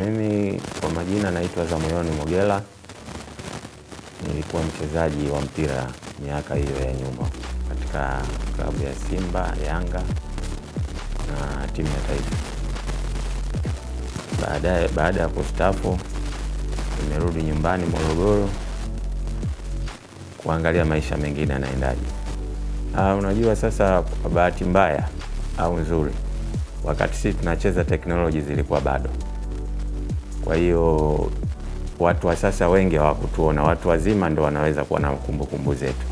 Mimi kwa majina naitwa Zamoyoni Mogela, nilikuwa mchezaji wa mpira miaka hiyo ya nyuma katika klabu ya Simba, Yanga na timu ya taifa. Baadaye, baada ya kustafu nimerudi nyumbani Morogoro kuangalia maisha mengine yanaendaje. Ah, unajua, sasa kwa bahati mbaya au nzuri, wakati sisi tunacheza teknoloji zilikuwa bado kwa hiyo watu wa sasa wengi hawakutuona, watu wazima ndo wanaweza kuwa na kumbukumbu zetu,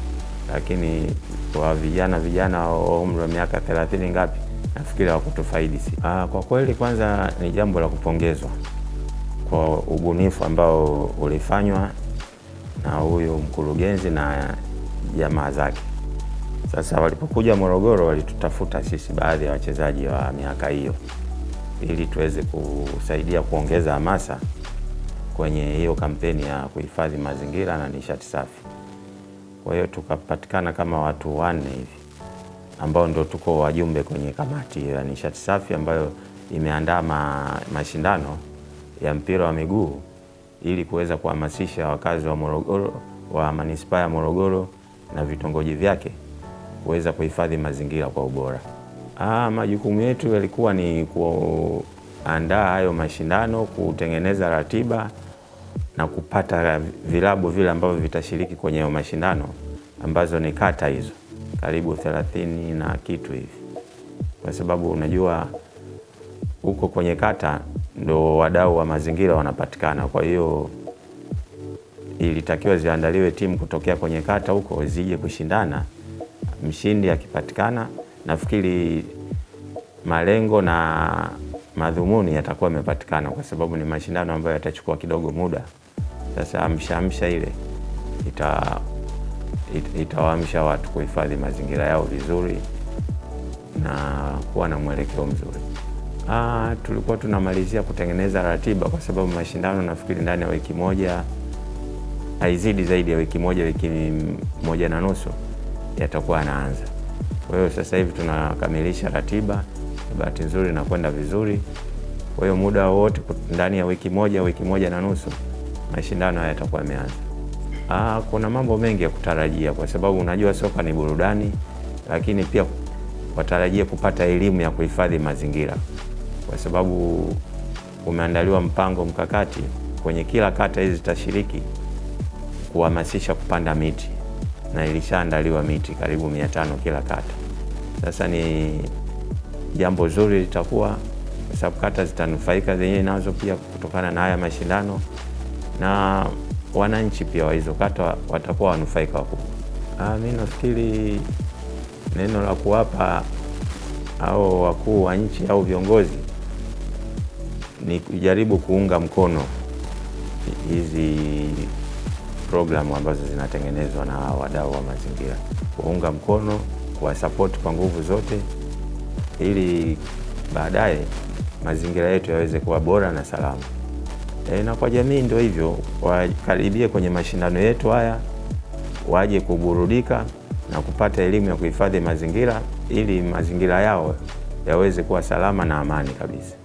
lakini kwa vijana vijana wa umri wa miaka thelathini ngapi, nafikiri hawakutufaidi si. Ah, kwa kweli kwanza ni jambo la kupongezwa kwa ubunifu ambao ulifanywa na huyu mkurugenzi na jamaa zake. Sasa walipokuja Morogoro walitutafuta sisi baadhi ya wachezaji wa miaka hiyo ili tuweze kusaidia kuongeza hamasa kwenye hiyo kampeni ya kuhifadhi mazingira na nishati safi. Kwa hiyo tukapatikana kama watu wanne hivi ambao ndio tuko wajumbe kwenye kamati ya nishati safi ambayo imeandaa ma, mashindano ya mpira wa miguu ili kuweza kuhamasisha wakazi wa Morogoro wa manispaa ya Morogoro na vitongoji vyake kuweza kuhifadhi mazingira kwa ubora. Ah, majukumu yetu yalikuwa ni kuandaa hayo mashindano, kutengeneza ratiba na kupata vilabu vile ambavyo vitashiriki kwenye hayo mashindano ambazo ni kata hizo karibu thelathini na kitu hivi, kwa sababu unajua huko kwenye kata ndo wadau wa mazingira wanapatikana. Kwa hiyo ilitakiwa ziandaliwe timu kutokea kwenye kata huko zije kushindana, mshindi akipatikana nafikiri malengo na madhumuni yatakuwa yamepatikana, kwa sababu ni mashindano ambayo yatachukua kidogo muda. Sasa amshaamsha ile ita itawaamsha watu kuhifadhi mazingira yao vizuri na kuwa na mwelekeo mzuri. Ah, tulikuwa tunamalizia kutengeneza ratiba kwa sababu mashindano nafikiri ndani ya wiki moja haizidi zaidi ya wiki moja, wiki moja na nusu yatakuwa yanaanza. Kwa hiyo sasa hivi tunakamilisha ratiba, bahati nzuri nakwenda vizuri. Kwa hiyo muda wote ndani ya wiki moja, wiki moja na nusu mashindano haya yatakuwa yameanza. Ah, kuna mambo mengi ya kutarajia kwa sababu unajua soka ni burudani, lakini pia watarajie kupata elimu ya kuhifadhi mazingira kwa sababu umeandaliwa mpango mkakati kwenye kila kata hizi zitashiriki kuhamasisha kupanda miti na ilishaandaliwa miti karibu mia tano kila kata. Sasa ni jambo zuri litakuwa, kwa sababu kata zitanufaika zenyewe nazo pia kutokana na haya mashindano, na wananchi pia wa hizo kata watakuwa wanufaika wakubwa. Ah, mi nafikiri neno la kuwapa au wakuu wa nchi au viongozi ni kujaribu kuunga mkono hizi programu ambazo zinatengenezwa na wadau wa mazingira, kuunga mkono, kuwasapoti kwa nguvu zote, ili baadaye mazingira yetu yaweze kuwa bora na salama. E, na kwa jamii ndio hivyo, wakaribie kwenye mashindano yetu haya, waje kuburudika na kupata elimu ya kuhifadhi mazingira ili mazingira yao yaweze kuwa salama na amani kabisa.